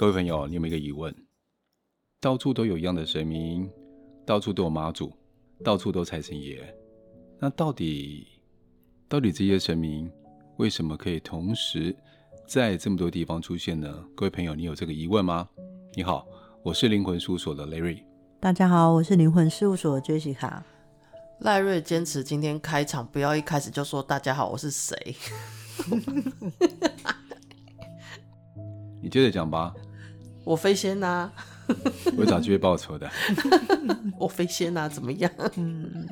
各位朋友，你有沒有一個疑問？到處都有一樣的神明，到處都有媽祖，到處都財神爺。那到底，到底這些神明為什麼可以同時在這麼多地方出現呢？各位朋友，你有這個疑問嗎？你好，我是靈魂事務所的 Larry。大家好，我是靈魂事務所的 Jessica。賴瑞堅持今天開場不要一開始就說大家好，我是誰。 你接着講吧。我飛仙吶！我找機會報仇的？ 我飛仙吶，怎麼樣？嗯，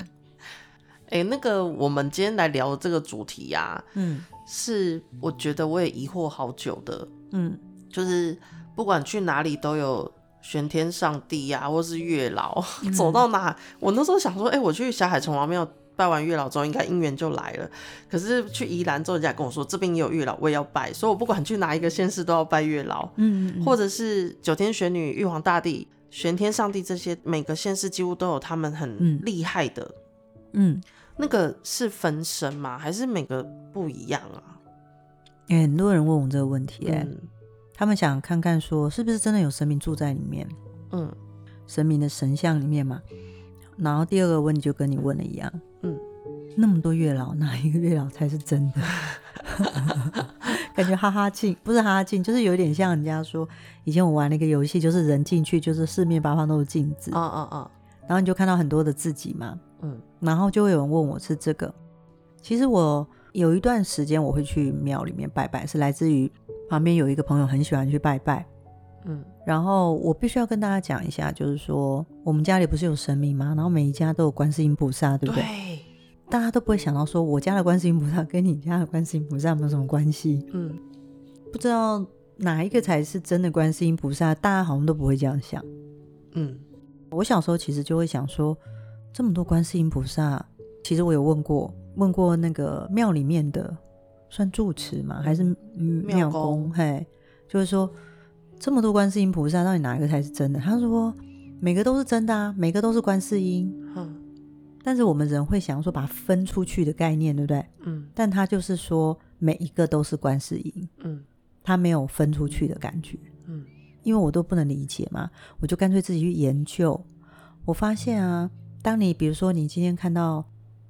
哎、欸，那個我們今天來聊的這個主題呀、啊，嗯，是我覺得我也疑惑好久的，嗯，就是不管去哪裡都有玄天上帝呀、啊，或是月老，嗯、走到哪，我那時候想說，哎、欸，我去霞海城隍廟。拜完月老之後，應該姻緣就來了。可是去宜蘭之後，人家跟我說這邊也有月老，我也要拜。所以，我不管去哪一個縣市，都要拜月老。嗯，嗯，嗯，或者是九天玄女、玉皇大帝、玄天上帝這些，每個縣市幾乎都有他們很厲害的。嗯，嗯，那個是分身嗎？還是每個不一樣啊？欸、很多人問我這個問題、欸，嗯、他們想看看說是不是真的有神明住在裡面。嗯，神明的神像裡面嘛。然後第二個問題就跟你問的一樣。那麼多月老，哪一個月老才是真的？ 感覺哈哈鏡，不是哈哈鏡，就是有一點像人家說，以前我玩了一個遊戲，就是人進去，就是四面八方都是鏡子，哦哦哦。然後你就看到很多的自己嘛，嗯。然後就會有人問我是這個，其實我有一段時間我會去廟裡面拜拜，是來自於旁邊有一個朋友很喜歡去拜拜，嗯。然後我必須要跟大家講一下，就是說我們家裡不是有神明嗎？然後每一家都有觀世音菩薩，對不對？對。大家都不會想到說，我家的觀世音菩薩跟你家的觀世音菩薩沒有什麼關係。嗯，不知道哪一個才是真的觀世音菩薩，大家好像都不會這樣想。嗯，我小時候其實就會想說，這麼多觀世音菩薩，其實我有問過，問過那個廟裡面的，算住持嗎？還是廟公？嘿，就是說這麼多觀世音菩薩，到底哪一個才是真的？他說每個都是真的啊，每個都是觀世音。嗯但是我們人會想說把分出去的概念，對不對？嗯，但他就是說每一個都是觀世音，嗯，他沒有分出去的感覺，嗯，因為我都不能理解嘛，我就乾脆自己去研究。我發現啊，當你比如說你今天看到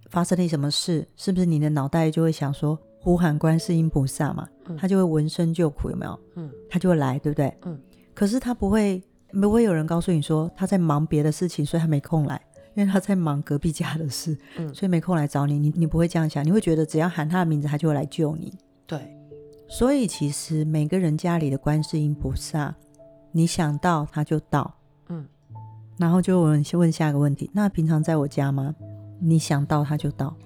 發生了一什麼事，是不是你的腦袋就會想說呼喊觀世音菩薩嘛？他就會聞聲救苦，有沒有？嗯，他就會來，對不對？嗯，可是他不會，不會有人告訴你說他在忙別的事情，所以他沒空來。因為他在忙隔壁家的事，嗯，所以沒空來找你。你你不會這樣想，你會覺得只要喊他的名字，他就會來救你。對，所以其實每個人家裡的觀世音菩薩，你想到他就到，嗯。然後就問問下一個問題：那平常在我家嗎？你想到他就到，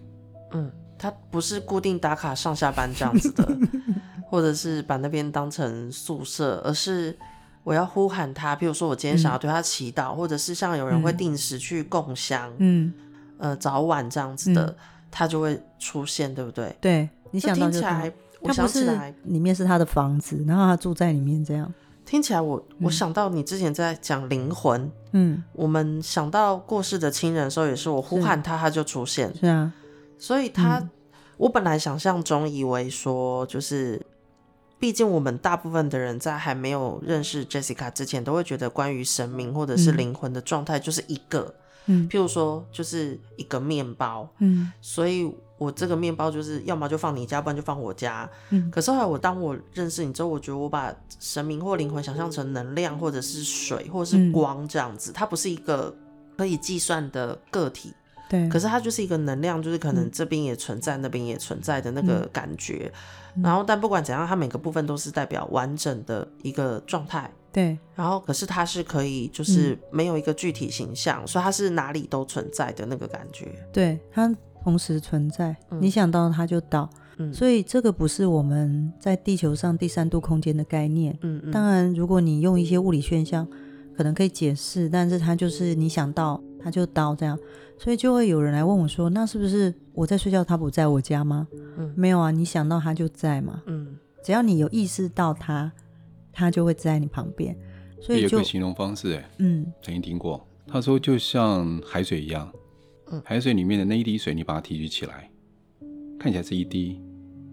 嗯，他不是固定打卡上下班這樣子的， 或者是把那邊當成宿舍，而是。我要呼喊他，譬如說我今天想要對他祈禱，或者是像有人會定時去供香。嗯，呃早晚這樣子的，他就會出現，對不對？對，你想聽起來，我想起來，裡面是他的房子，然後他住在裡面這樣。聽起來我我想到你之前在講靈魂，嗯，我們想到過世的親人的時候也是，我呼喊他他就出現，是啊，所以他我本來想象中以為說就是。畢竟我們大部分的人在還沒有認識 Jessica 之前，都會覺得關於神明或者是靈魂的狀態就是一個，嗯，譬如說就是一個麵包，嗯，所以我這個麵包就是要麼就放你家，不然就放我家，嗯。可是後來我當我認識你之後，我覺得我把神明或靈魂想象成能量，或者是水，或者是光這樣子，嗯，它不是一個可以計算的個體。對，可是它就是一個能量，就是可能這邊也存在，嗯、那邊也存在的那個感覺。嗯、然後，但不管怎樣，它每個部分都是代表完整的一個狀態。對。然後，可是它是可以，就是沒有一個具體形象，嗯、所以它是哪裡都存在的那個感覺。對，它同時存在，嗯、你想到它就到。嗯、所以這個不是我們在地球上第三度空間的概念。嗯嗯。嗯，當然，如果你用一些物理現象，嗯、可能可以解釋，但是它就是你想到它就到這樣。所以就會有人來問我說，那是不是我在睡覺，他不在我家嗎？嗯，沒有啊，你想到他就在嘛。嗯，只要你有意識到他，他就會在你旁邊。所以就有個形容方式，哎，嗯，曾經聽過，他說就像海水一樣，嗯，海水裡面的那一滴水，你把它提取起來，看起來是一滴，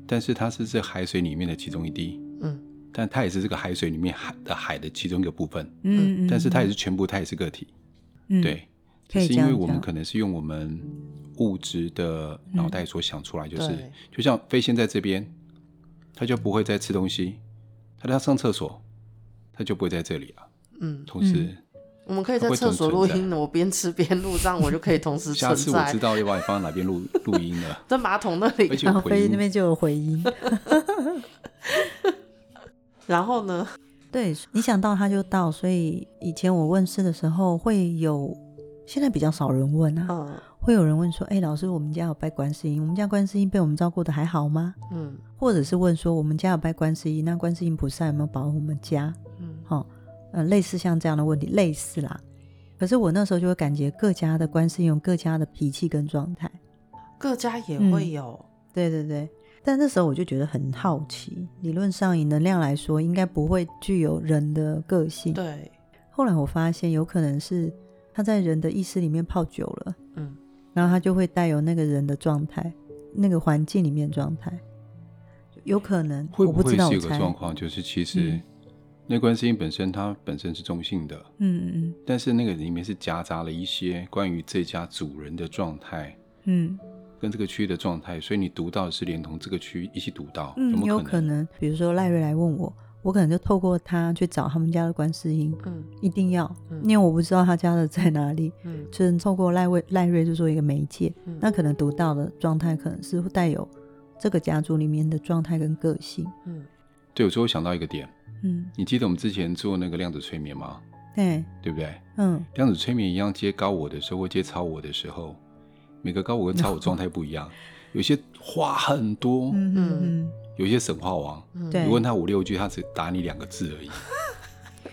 但是它是這海水裡面的其中一滴，嗯，但它也是這個海水裡面海的海的其中一個部分，嗯嗯，但是它也是全部，它也是個體，嗯、對。嗯是因為我們可能是用我們物質的腦袋所想出來，就是、嗯、就像飛仙在這邊，他就不會再吃東西，他要上廁所，他就不會在這裡了、啊。嗯，同時，、嗯、同時我們可以在廁所錄音，我邊吃邊錄，這樣我就可以同時。 下次我知道要把你放在哪邊錄錄音了，在馬桶那裡、啊，而且、哦、飛那邊就有回音。 然後呢？對，你想到他就到，所以以前我問事的時候會有。現在比較少人問啊，嗯、會有人問說：“哎、欸，老師，我們家有拜觀世音，我們家觀世音被我們照顧的還好嗎？”嗯，或者是問說：“我們家有拜觀世音，那觀世音菩薩有沒有保護我們家？”嗯，好、哦呃，類似像這樣的問題，類似啦。可是我那時候就會感覺各家的觀世音有各家的脾氣跟狀態，各家也會有、嗯，對對對。但那時候我就覺得很好奇，理論上以能量來說，應該不會具有人的個性。對。後來我發現有可能是。他在人的意識裡面泡久了，嗯，然後他就會帶有那個人的狀態，那個環境裡面的狀態，有可能，我不知道我會不會是有一個狀況？就是其實，嗯，那觀世音本身它本身是中性的，嗯嗯嗯，但是那個裡面是夾雜了一些關於這家主人的狀態，嗯，跟這個區域的狀態，所以你讀到是連同這個區一起讀到，有可能。比如說賴瑞來問我。我可能就透過他去找他們家的觀世音，嗯，一定要，因為我不知道他家的在哪裡，嗯，就是透過賴瑞，賴瑞就做一個媒介，那可能讀到的狀態可能是帶有這個家族裡面的狀態跟個性，嗯，對，我最後想到一個點，嗯，你記得我們之前做那個量子催眠嗎？對，對不對？嗯，量子催眠一樣接高我的時候，會接超我的時候，每個高我跟超我狀態不一樣，有些話很多，嗯嗯。有些省話王，你問他五六句，他只答你兩個字而已。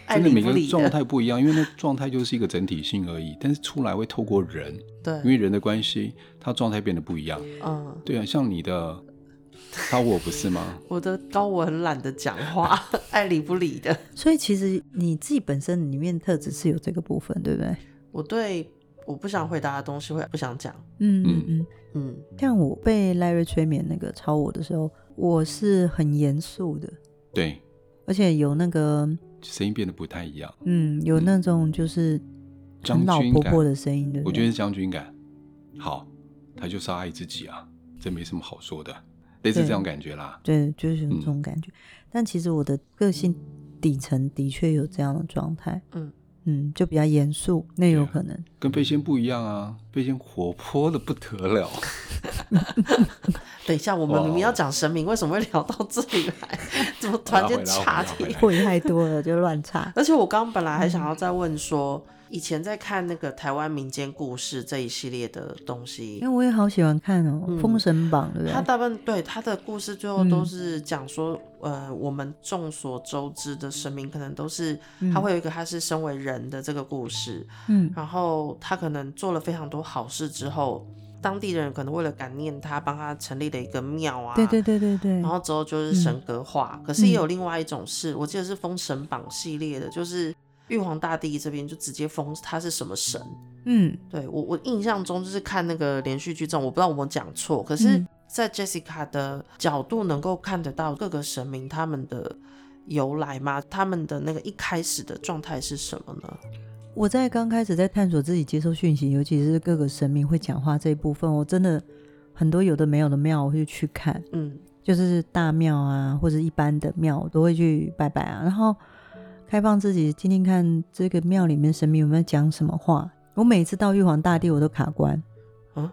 真的每個狀態不一樣，因為那狀態就是一個整體性而已。但是出來會透過人，對，因為人的關係，他狀態變得不一樣。嗯，對啊，像你的超我不是嗎？我的高我很懶得講話，愛理不理的。所以其實你自己本身裡面的特質是有這個部分，對不對？我對我不想回答的東西會不想講。嗯嗯嗯嗯，像我被 Larry 催眠那個超我的時候。我是很嚴肅的，對，而且有那個聲音變得不太一樣，嗯，有那種就是老老婆婆的聲音的，對對，我覺得是將軍感。好，他就是愛自己啊，這沒什麼好說的，類似這種感覺啦對。對，就是這種感覺。嗯、但其實我的個性底層的確有這樣的狀態，嗯嗯，就比較嚴肅，那有可能。啊、跟飛仙不一樣啊，飛仙活潑的不得了。 等一下，我們明明要講神明，哦、為什麼會聊到這裡來？怎麼突然間插起，會 太多了，就亂插。而且我剛剛本來還想要再問說，嗯、以前在看那個台灣民間故事這一系列的東西，因為、欸、我也好喜歡看哦，嗯，《封神榜》的人他大部分對他的故事最後都是講說，嗯、呃，我們眾所周知的神明，可能都是、嗯、他會有一個他是身為人的這個故事，嗯，然後他可能做了非常多好事之後。當地的人可能為了感念他，幫他成立了一個廟啊。對對對對，對然後之後就是神格化，嗯、可是也有另外一種是，我記得是《封神榜》系列的，就是玉皇大帝這邊就直接封他是什麼神。嗯，對，我我印象中就是看那個連續劇中，我不知道我有沒有講錯，可是，在 Jessica 的角度能夠看得到各個神明他們的由來嗎？他們的那個一開始的狀態是什麼呢？我在剛開始在探索自己接受訊息，尤其是各個神明會講話這一部分，我真的很多有的沒有的廟，我會去看，嗯，就是大廟啊，或者一般的廟，我都會去拜拜啊，然後開放自己聽聽看這個廟裡面神明有沒有講什麼話。我每次到玉皇大帝，我都卡關，啊、嗯，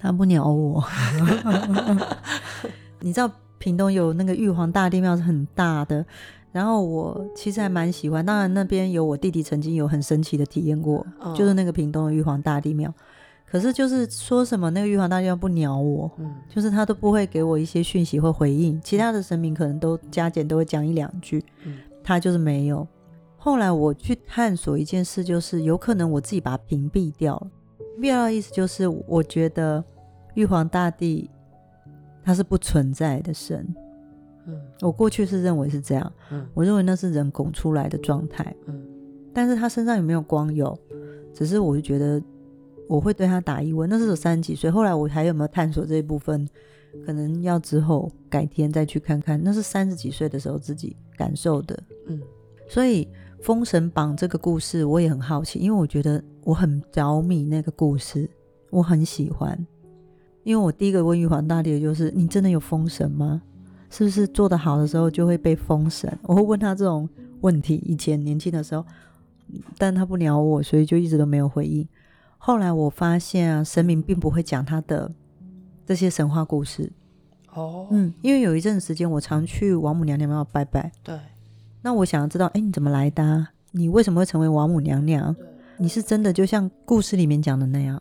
他不鳥我， 你知道屏東有那個玉皇大帝廟是很大的。然後我其實還蠻喜歡，當然那邊有我弟弟曾經有很神奇的體驗過，oh. 就是那個屏東的玉皇大帝廟。可是就是說什麼那個玉皇大帝廟不鳥我，就是他都不會給我一些訊息或回應。其他的神明可能都加減都會講一兩句，他就是沒有。後來我去探索一件事，就是有可能我自己把它屏蔽掉了。屏蔽的意思就是，我覺得玉皇大帝他是不存在的神。嗯，我過去是認為是這樣。嗯，我認為那是人拱出來的狀態。嗯，但是他身上有沒有光？有，只是我就覺得我會對他打疑問。那是有三十幾歲，後來我還有沒有探索這一部分？可能要之後改天再去看看。那是三十幾歲的時候自己感受的。嗯，所以《封神榜》這個故事我也很好奇，因為我覺得我很着迷那個故事，我很喜歡。因為我第一個問玉皇大帝的就是：“你真的有封神嗎？”是不是做得好的時候就會被封神？我會問他這種問題。以前年輕的時候，但他不鳥我，所以就一直都沒有回應。後來我發現神明並不會講他的這些神話故事。哦，oh. 嗯，因為有一陣時間我常去王母娘娘廟拜拜。對。那我想要知道，哎，你怎麼來的啊？你為什麼會成為王母娘娘？對你是真的就像故事裡面講的那樣？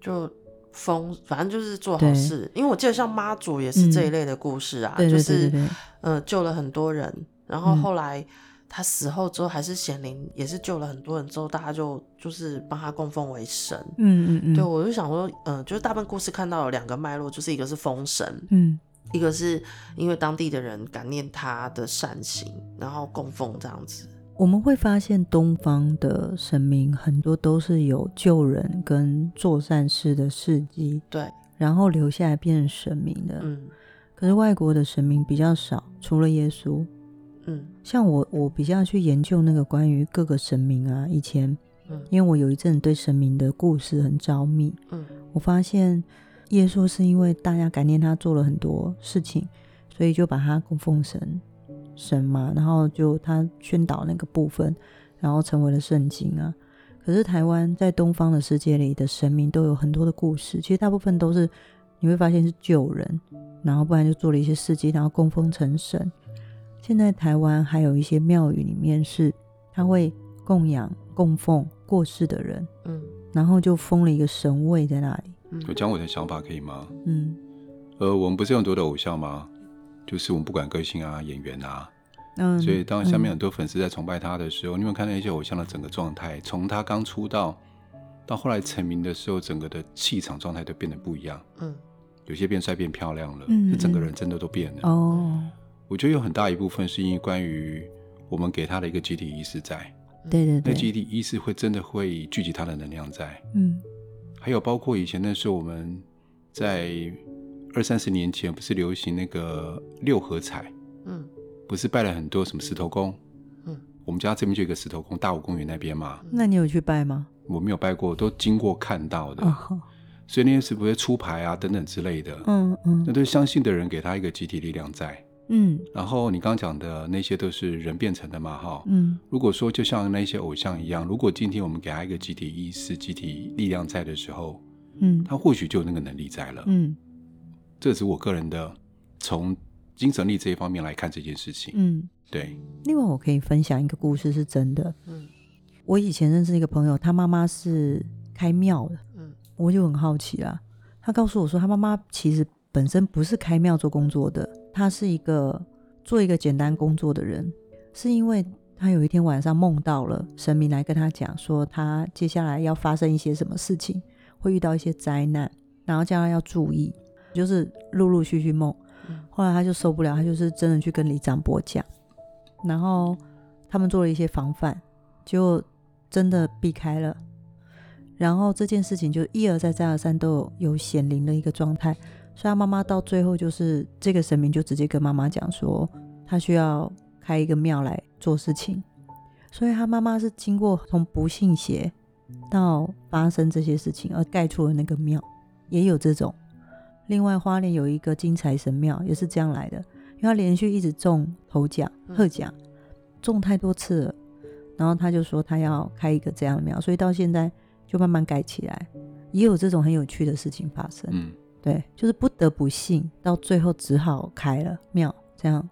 就。封，反正就是做好事。對因為我記得像媽祖也是這一類的故事啊，嗯、對對對對，就是呃救了很多人，然後後來、嗯、他死後之後還是顯靈，也是救了很多人之後，大家就就是幫他供奉為神。嗯嗯嗯，對我就想說，嗯、呃，就是大部分故事看到有兩個脈絡，就是一個是封神，嗯，一個是因為當地的人感念他的善行，然後供奉這樣子。我們會發現，東方的神明很多都是有救人跟做善事的事蹟，對，然後留下來變成神明的。嗯，可是外國的神明比較少，除了耶穌，嗯，像我，我比較去研究那個關於各個神明啊。以前，嗯，因為我有一陣對神明的故事很着迷，嗯，我發現耶穌是因為大家感念他做了很多事情，所以就把他供奉神。神嘛，然後就他宣導那個部分，然後成為了聖經啊。可是台灣在東方的世界裡的神明都有很多的故事，其實大部分都是你會發現是救人，然後不然就做了一些事跡，然後供奉成神。現在台灣還有一些廟宇裡面是他會供養供奉過世的人，嗯，然後就封了一個神位在那裡。我講我，我的想法可以嗎？嗯，呃，我們不是有很多的偶像嗎？就是我們不管歌星啊、演員啊，嗯，所以當下面很多粉絲在崇拜他的時候，嗯，你有沒有看到一些偶像的整個狀態，從他剛出道到後來成名的時候，整個的氣場狀態都變得不一樣，嗯，有些變帥、變漂亮了，嗯，嗯，整個人真的都變了。哦，我覺得有很大一部分是因為關於我們給他的一個集體意識在，對對對，那集體意識會真的會聚集他的能量在，嗯，還有包括以前那時候我們在。二三十年前不是流行那個六合彩，嗯，不是拜了很多什麼石頭公，嗯，我們家這邊就有個石頭公，大武公園那邊嘛。那你有去拜嗎？我沒有拜過，都經過看到的。嗯，所以那些是不是出牌啊等等之類的，嗯嗯，嗯那都是相信的人給他一個集體力量在，嗯。然後你剛剛講的那些都是人變成的嘛，哈，嗯。如果說就像那些偶像一樣，如果今天我們給他一個集體意識、集體力量在的時候，嗯，他或許就有那個能力在了，嗯。這是我個人的，從精神力這一方面來看這件事情。嗯，對。另外，我可以分享一個故事，是真的。嗯，我以前認識一個朋友，他媽媽是開廟的。嗯，我就很好奇啦。他告訴我說，他媽媽其實本身不是開廟做工作的，他是一個做一個簡單工作的人，是因為他有一天晚上夢到了神明來跟他講說，他接下來要發生一些什麼事情，會遇到一些災難，然後叫他要注意。就是陸陸續續夢，後來他就受不了，他就是真的去跟李長博講，然後他們做了一些防範，就真的避開了。然後這件事情就一而再再而三都有有顯靈的一個狀態。所以，他媽媽到最後就是這個神明就直接跟媽媽講說，他需要開一個廟來做事情。所以，他媽媽是經過從不信邪到發生這些事情而蓋出了那個廟，也有這種。另外，花蓮有一個金財神廟，也是這樣來的，因為他連續一直中頭獎、賀獎，嗯、中太多次了，然後他就說他要開一個這樣的廟，所以到現在就慢慢蓋起來，也有這種很有趣的事情發生。嗯，對，就是不得不信，到最後只好開了廟。這樣，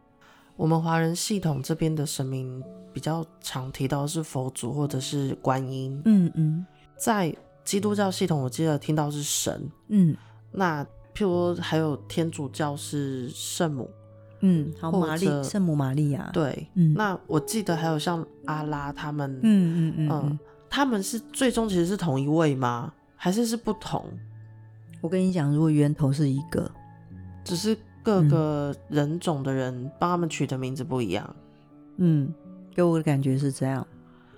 我們華人系統這邊的神明比較常提到是佛祖或者是觀音。嗯嗯，在基督教系統，我記得聽到是神。嗯，那。譬如說還有天主教是聖母，嗯，好，或者聖母瑪利亞，對，嗯，那我記得還有像阿拉他們，嗯嗯嗯、嗯、嗯，他們是最終其實是同一位嗎？還是是不同？我跟你講，如果源頭是一個，只是各個人種的人幫，嗯，他們取的名字不一樣，嗯，給我的感覺是這樣。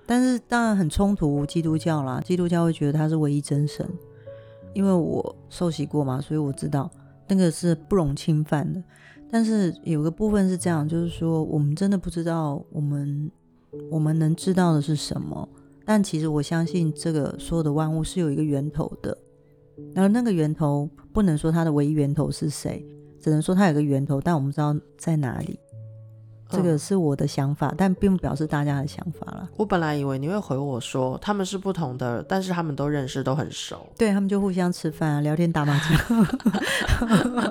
但是當然很衝突，基督教啦，基督教會覺得他是唯一真神。因為我受洗過嘛，所以我知道那個是不容侵犯的。但是有個部分是這樣，就是說我們真的不知道我們我們能知道的是什麼。但其實我相信這個所有的萬物是有一個源頭的，然後那個源頭不能說它的唯一源頭是誰，只能說它有個源頭，但我們不知道在哪裡。這個是我的想法，嗯、但並不表示大家的想法了。我本來以為你會回我說他們是不同的，但是他們都認識，都很熟。對，他們就互相吃飯、啊、聊天打、打麻將。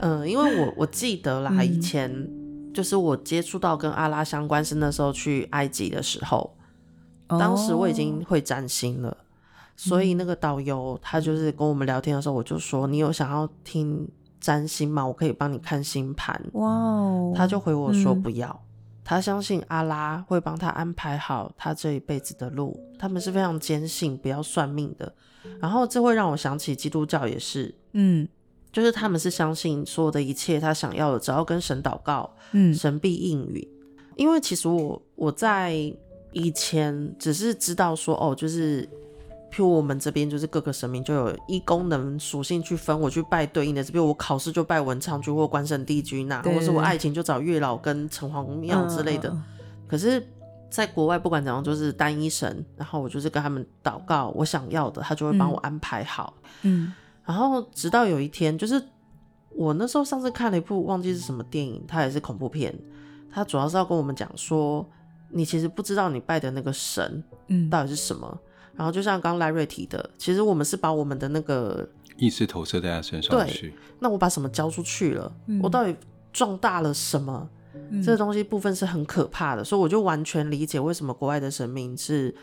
嗯，因為我我記得啦，以前就是我接觸到跟阿拉相關是那時候去埃及的時候，嗯、當時我已經會占星了，哦、所以那個導遊他就是跟我們聊天的時候，我就說、嗯、你有想要聽？佔星嘛，我可以幫你看星盤。哇哦，他就回我說不要，嗯、他相信阿拉會幫他安排好他這一輩子的路。他們是非常堅信不要算命的。然後這會讓我想起基督教也是，嗯，就是他們是相信所有的一切，他想要的只要跟神禱告，嗯、神必應允。因為其實我我在以前只是知道說哦，就是。譬如我們這邊就是各個神明就有一功能屬性去分，我去拜對應的。比如我考試就拜文昌君或關聖帝君吶、啊，對或者是我愛情就找月老跟城隍廟之類的。啊、可是，在國外不管怎樣，就是單一神，然後我就是跟他們禱告我想要的，他就會幫我安排好。嗯，然後直到有一天，就是我那時候上次看了一部忘記是什麼電影，它也是恐怖片，它主要是要跟我們講說，你其實不知道你拜的那個神，嗯，到底是什麼。嗯然後就像剛剛 Larry 提的，其實我們是把我們的那個意識投射在他身上去。對，那我把什麼交出去了？嗯、我到底壯大了什麼？嗯、這個東西部分是很可怕的，所以我就完全理解為什麼國外的神明是，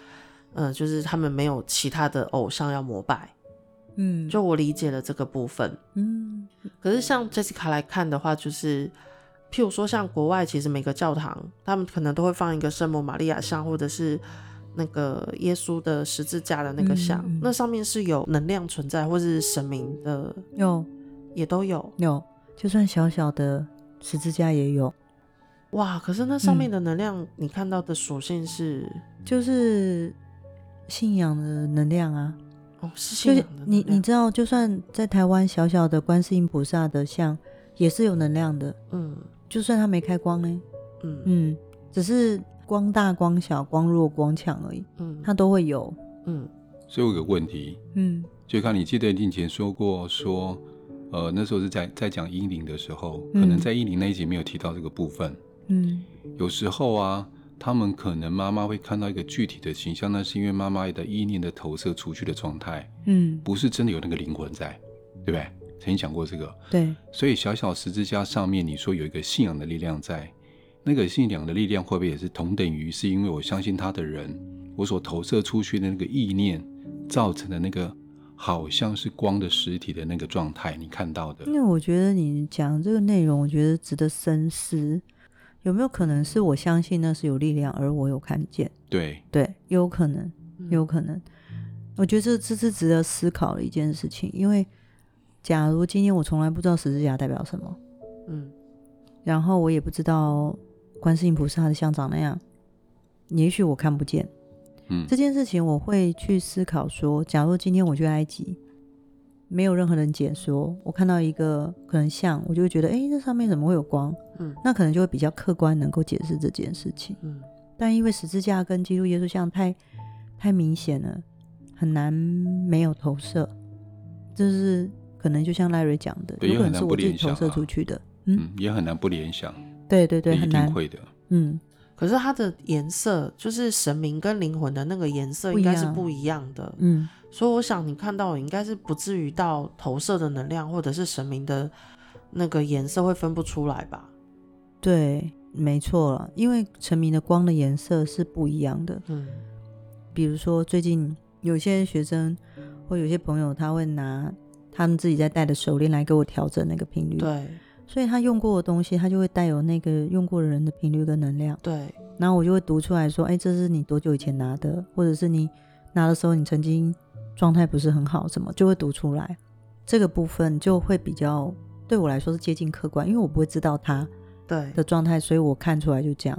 嗯、呃，就是他們沒有其他的偶像要膜拜。嗯，就我理解了這個部分。嗯，可是像 Jessica 來看的話，就是譬如說像國外，其實每個教堂他們可能都會放一個聖母瑪利亞像，或者是。那個耶穌的十字架的那個像，嗯嗯、那上面是有能量存在，或是神明的有，也都有有，就算小小的十字架也有。哇！可是那上面的能量，嗯、你看到的屬性是，就是信仰的能量啊。哦，是信仰的。你你知道，就算在台灣小小的觀世音菩薩的像，也是有能量的。嗯，就算它沒開光呢？嗯嗯，只是。光大、光小、光弱、光強而已，嗯，它都會有，嗯。所以我有個問題，嗯，就看你記得你以前說過，說，呃，那時候是在在講嬰靈的時候，嗯、可能在嬰靈那一集沒有提到這個部分，嗯。有時候啊，他們可能媽媽會看到一個具體的形象，那是因為媽媽的意念的投射出去的狀態，嗯，不是真的有那個靈魂在，對不對？曾經講過這個，對。所以小小十字架上面，你說有一個信仰的力量在。那個信仰的力量會不會也是同等於是因為我相信他的人，我所投射出去的那個意念造成的那個好像是光的實體的那個狀態，你看到的？因為我覺得你講這個內容，我覺得值得深思。有沒有可能是我相信那是有力量，而我有看見？對對，有可能，有可能。嗯，我覺得這這是值得思考的一件事情，因為假如今天我從來不知道十字架代表什麼，嗯，然後我也不知道。觀世音菩薩的像長那樣，也許我看不見，嗯、這件事情我會去思考說，假如今天我去埃及，沒有任何人解說，我看到一個可能像，我就會覺得，哎，這上面怎麼會有光？嗯、那可能就會比較客觀能夠解釋這件事情。嗯、但因為十字架跟基督耶穌像太太明顯了，很難沒有投射，就是可能就像 Larry 講的，對有可能是我自己投射出去的。啊、嗯，也很難不聯想。對對對，很難會的。嗯，可是它的顏色，就是神明跟靈魂的那個顏色，應該是不一樣的。樣。嗯，所以我想你看到，應該是不至於到投射的能量，或者是神明的那個顏色會分不出來吧？對，沒錯了，因為神明的光的顏色是不一樣的。嗯，比如說最近有些學生或有些朋友，他會拿他們自己在戴的手鏈來給我調整那個頻率。對。所以他用過的東西，他就會帶有那個用過的人的頻率跟能量。對。然後我就會讀出來說，哎、欸，這是你多久以前拿的，或者是你拿的時候你曾經狀態不是很好，什麼就會讀出來。這個部分就會比較對我來說是接近客觀，因為我不會知道他的對的狀態，所以我看出來就這樣。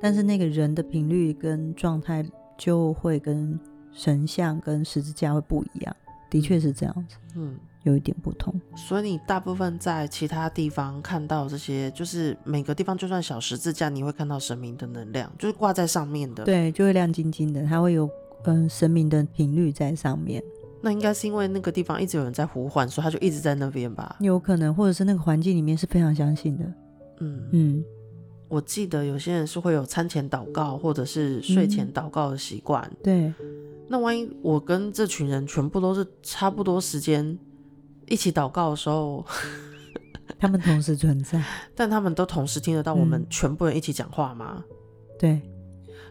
但是那個人的頻率跟狀態就會跟神像跟十字架會不一樣，的確是這樣子。嗯。有一點不同，所以你大部分在其他地方看到這些，就是每個地方就算小十字架，你會看到神明的能量，就是掛在上面的，對，就會亮晶晶的，它會有嗯、呃、神明的頻率在上面。那應該是因為那個地方一直有人在呼喚，所以它就一直在那邊吧？有可能，或者是那個環境裡面是非常相信的。嗯嗯，嗯我記得有些人是會有餐前禱告或者是睡前禱告的習慣。嗯、對，那萬一我跟這群人全部都是差不多時間。一起禱告的時候，他們同時存在， 但他們都同時聽得到我們全部人一起講話嗎？嗯、對，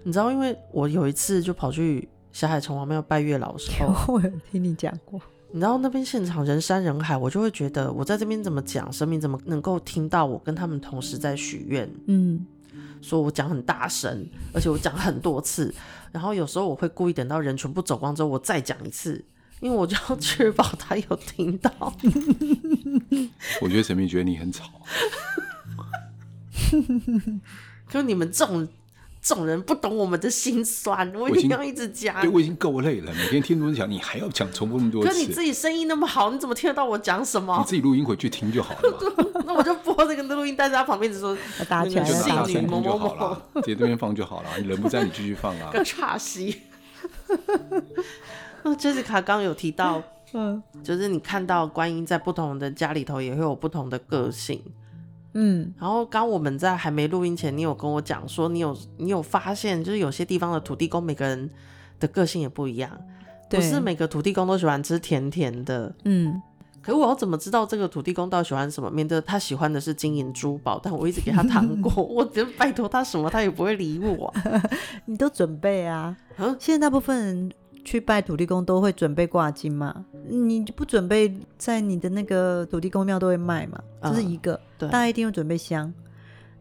你知道，因為我有一次就跑去小海城隍廟拜月老的時候，我有聽你講過。你知道那邊現場人山人海，我就會覺得我在這邊怎麼講，神明怎麼能夠聽到我跟他們同時在許願？嗯，所以我講很大聲，而且我講很多次，然後有時候我會故意等到人全部走光之後，我再講一次。因為我就要確保他有聽到。 我覺得神明覺得你很吵。 就你們這種這種人不懂我們的心酸，我已經，我一定要一直講。對，我已經夠累了，每天聽都人講，你還要講重複那麼多次。可是你自己聲音那麼好，你怎麼聽得到我講什麼？你自己錄音回去聽就好了。 那我就播這個錄音，待在他旁邊，只說 打個妓就，就好了。信你，摩摩摩直接對面放就好了。你人不在，你繼續放啊。個差戲。那 Jessica 剛有提到，嗯，就是你看到觀音在不同的家裡頭也會有不同的個性，嗯，然後剛我們在還沒錄音前，你有跟我講說，你有你有發現，就是有些地方的土地公每個人的個性也不一樣，對，不是每個土地公都喜歡吃甜甜的，嗯，可我要怎麼知道這個土地公到底喜歡什麼？面對他喜歡的是金銀珠寶，但我一直給他糖果， 我直拜托他什麼，他也不會理我。 你都準備啊，嗯，現在大部分人。去拜土地公都會準備掛金嘛？你不準備，在你的那個土地公廟都會賣嘛？這是一個，uh, 對大家一定要準備香，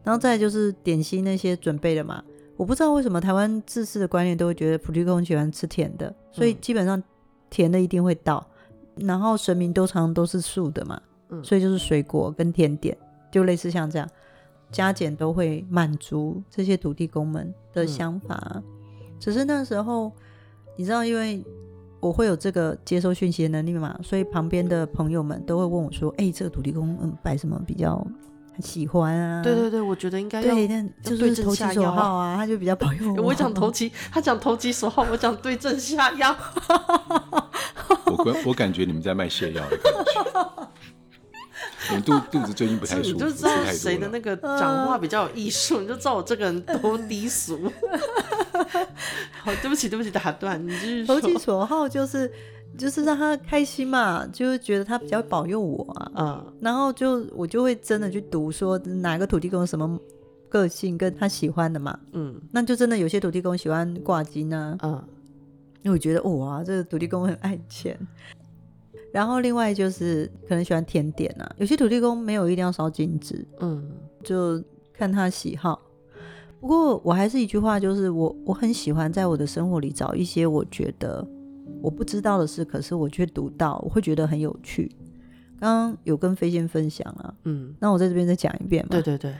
然後再就是點心那些準備的嘛。我不知道為什麼台灣自視的觀念都會覺得土地公喜歡吃甜的，所以基本上甜的一定會到。嗯、然後神明都常都是素的嘛，嗯、所以就是水果跟甜點，就類似像這樣加減都會滿足這些土地公們的想法。嗯、只是那時候。你知道，因為我會有這個接收訊息的能力嘛，所以旁邊的朋友們都會問我說：“哎、欸，這個土地公，嗯，擺什麼比較喜歡啊？”對對對，我覺得應該要，就是投其所好啊，他就比較保佑我、啊呃。我講投機，他講投其所好，我講對症下藥。 我感我感覺你們在賣瀉藥。我 肚肚子最近不太舒服，吃太多了，你就知道誰的那個講話比較有藝術？呃、你就知道我這個人多低俗。 好，對不起，對不起，打斷你說，就是投其所好，就是就是讓他開心嘛，就是覺得他比較保佑我啊，嗯，然後就我就會真的去讀說哪個土地公有什麼個性跟他喜歡的嘛，嗯，那就真的有些土地公喜歡掛金啊。嗯，因為我覺得哇，這個土地公很愛錢，然後另外就是可能喜歡甜點啊，有些土地公沒有一定要燒金紙，嗯，就看他喜好。不過我還是一句話，就是我我很喜歡在我的生活裡找一些我覺得我不知道的事，可是我卻讀到，我會覺得很有趣。剛剛有跟飛仙分享了、啊，嗯，那我在這邊再講一遍嘛。對對對，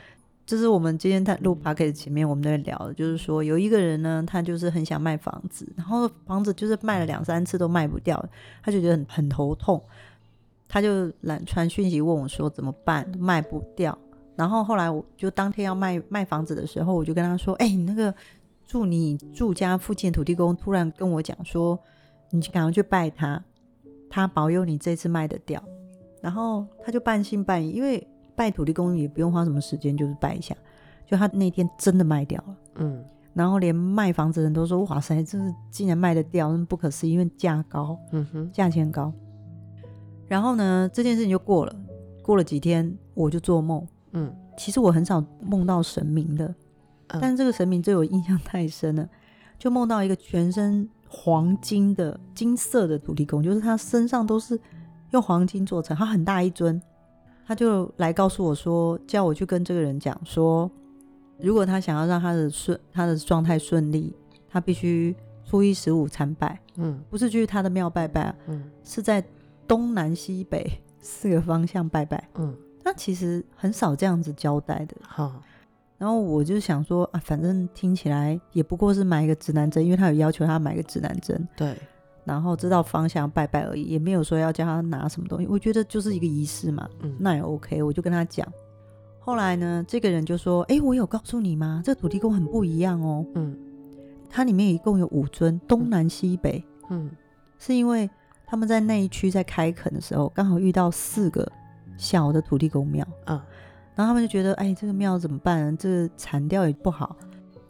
就是我們今天在錄 podcast 前面，我們在聊的，就是說有一個人呢，他就是很想賣房子，然後房子就是賣了兩三次都賣不掉，他就覺得很很頭痛，他就懶傳訊息問我說怎麼辦，賣不掉。嗯然後後來我就當天要賣賣房子的時候，我就跟他說：“哎、欸，你那個住你住家附近土地公突然跟我講說，你趕快去拜他，他保佑你這次賣得掉。”然後他就半信半疑，因為拜土地公也不用花什麼時間，就是拜一下。就他那天真的賣掉了，嗯。然後連賣房子的人都說：“哇塞，這是竟然賣得掉，那不可思議，因為價高，價高嗯哼，價錢高。”然後呢，這件事情就過了。過了幾天，我就做夢。嗯，其實我很少夢到神明的，嗯、但這個神明對我印象太深了，就夢到一個全身黃金的金色的土地公，就是他身上都是用黃金做成，他很大一尊，他就來告訴我說，叫我去跟這個人講說，如果他想要讓他的順他的狀態順利，他必須初一十五參拜，嗯，不是去他的廟拜拜，啊，嗯，是在東南西北四個方向拜拜，嗯。他其實很少這樣子交代的，哈好，然後我就想說啊，反正聽起來也不過是買一個指南針，因為他有要求他買個指南針，對。然後知道方向拜拜而已，也沒有說要叫他拿什麼東西。我覺得就是一個儀式嘛，嗯，那也 OK。我就跟他講，後來呢，這個人就說：“哎、欸，我有告訴你嗎？這個土地公很不一樣哦，嗯，它裡面一共有五尊，東南西北，嗯，嗯，是因為他們在那一區在開墾的時候，剛好遇到四個。”小的土地公廟，嗯、然後他們就覺得，哎，這個廟怎麼辦？這個殘掉也不好，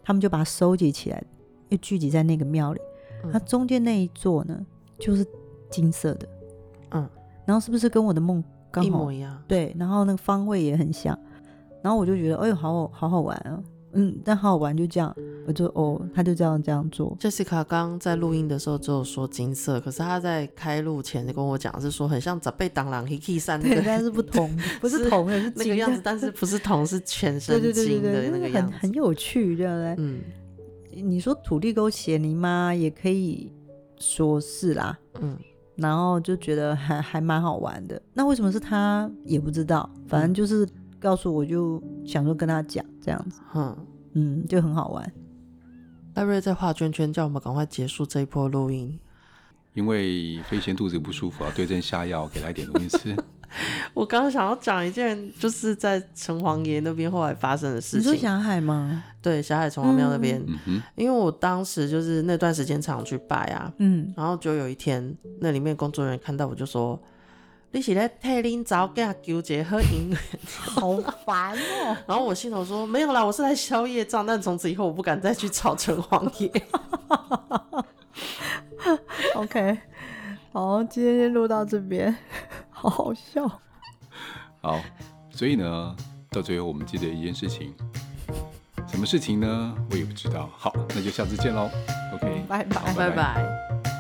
他們就把它收集起來，又聚集在那個廟裡。嗯、它中間那一座呢，就是金色的，嗯、然後是不是跟我的夢剛好一模一樣？對，然後那個方位也很像，然後我就覺得，哎呦，好好好好玩啊、哦！嗯，但好，好玩就這樣，我就哦，他就這樣這樣做。Jessica 剛在錄音的時候就說金色，嗯、可是他在開錄前就跟我講是說很像早被當狼，hiki 三對，但是不同， 不是同 是那個樣子， 但是不是同 是全身金的那個樣子，對對對對，那很，很有趣，欸，對不對？嗯，你說土地溝鹹泥嗎？也可以說是啦，嗯，然後就覺得還還蠻好玩的。那為什麼是他？也不知道，反正就是告訴我就想說跟他講。嗯這樣子，嗯嗯，就很好玩。艾瑞在畫圈圈，叫我們趕快結束這一波錄音，因為飛仙肚子不舒服啊， 要對症下藥，給他一點東西吃。 我剛剛想要講一件，就是在城隍爺那邊後來發生的事情。你說霞海嗎？對，霞海城隍廟那邊，嗯、因為我當時就是那段時間常，常去拜啊，嗯，然後就有一天，那裡面工作人員看到我就說。你是在替你找給他糾結喝飲好煩哦！ 煩喔、 然後我心頭說沒有啦，我是在宵夜賺，但從此以後我不敢再去炒城隍爺。 OK，好，今天先錄到這邊，好好笑。好，所以呢，到最後我們記得一件事情，什麼事情呢？我也不知道。好，那就下次見嘍。OK，拜拜拜拜。